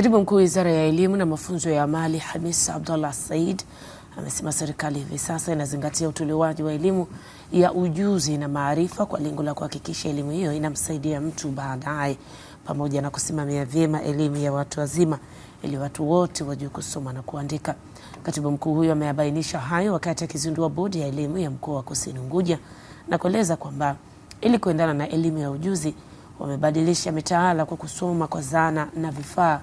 Katibu mkuu wizara ya elimu na mafunzo ya amali hamis Abdallah Said amesema serikali hivi sasa inazingatia utolewaji wa elimu ya ujuzi na maarifa kwa lengo la kuhakikisha elimu hiyo inamsaidia mtu baadaye, pamoja na kusimamia vyema elimu ya watu wazima ili watu wote wajue kusoma na kuandika. Katibu mkuu huyo ameyabainisha hayo wakati akizindua bodi ya elimu ya mkoa wa Kusini Unguja na kueleza kwamba ili kuendana na elimu ya ujuzi wamebadilisha mitaala kwa kusoma kwa zana na vifaa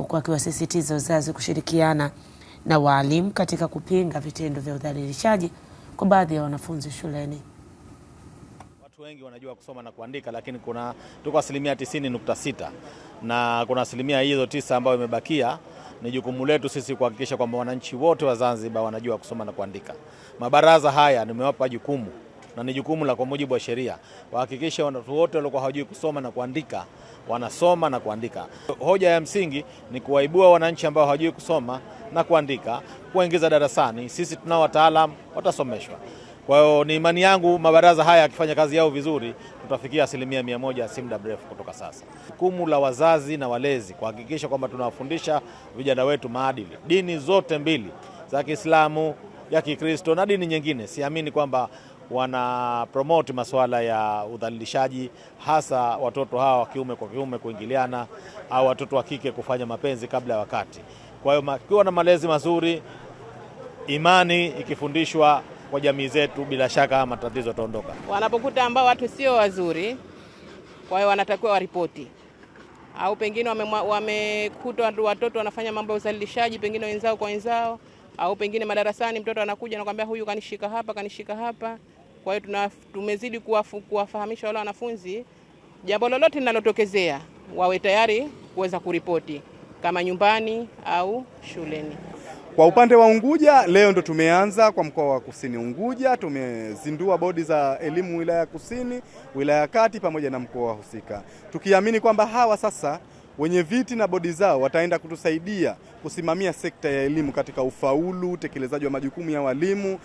huku akiwasisitiza wazazi kushirikiana na waalimu katika kupinga vitendo vya udhalilishaji kwa baadhi ya wanafunzi shuleni. Watu wengi wanajua kusoma na kuandika, lakini kuna tuko asilimia tisini nukta sita na kuna asilimia hizo tisa ambayo imebakia ni jukumu letu sisi kuhakikisha kwamba wananchi wote wa Zanzibar wanajua kusoma na kuandika. Mabaraza haya nimewapa jukumu na ni jukumu la kwa mujibu wa sheria wahakikishe watu wote waliokuwa hawajui kusoma na kuandika wanasoma na kuandika. Hoja ya msingi ni kuwaibua wananchi ambao hawajui kusoma na kuandika, kuwaingiza darasani. Sisi tunao wataalam, watasomeshwa. Kwa hiyo ni imani yangu mabaraza haya yakifanya kazi yao vizuri, tutafikia asilimia mia moja si muda mrefu kutoka sasa. Jukumu la wazazi na walezi kuhakikisha kwamba tunawafundisha vijana wetu maadili, dini zote mbili za Kiislamu, ya Kikristo na dini nyingine. Siamini kwamba wana promote masuala ya udhalilishaji, hasa watoto hawa wa kiume kwa kiume kuingiliana au watoto wa kike kufanya mapenzi kabla ya wakati. Kwa hiyo akiwa na malezi mazuri, imani ikifundishwa kwa jamii zetu, bila shaka matatizo yataondoka. Wanapokuta ambao watu sio wazuri, kwa hiyo wanatakiwa waripoti au pengine wamekuta wame watoto wanafanya mambo ya udhalilishaji pengine wenzao kwa wenzao, au pengine madarasani, mtoto anakuja anakuambia, huyu kanishika hapa, kanishika hapa. Kwa hiyo tumezidi kuwafahamisha wale wanafunzi, jambo lolote linalotokezea wawe tayari kuweza kuripoti kama nyumbani au shuleni. Kwa upande wa Unguja leo ndo tumeanza kwa mkoa wa Kusini Unguja, tumezindua bodi za elimu wilaya Kusini, wilaya Kati pamoja na mkoa husika, tukiamini kwamba hawa sasa wenye viti na bodi zao wataenda kutusaidia kusimamia sekta ya elimu katika ufaulu, utekelezaji wa majukumu ya walimu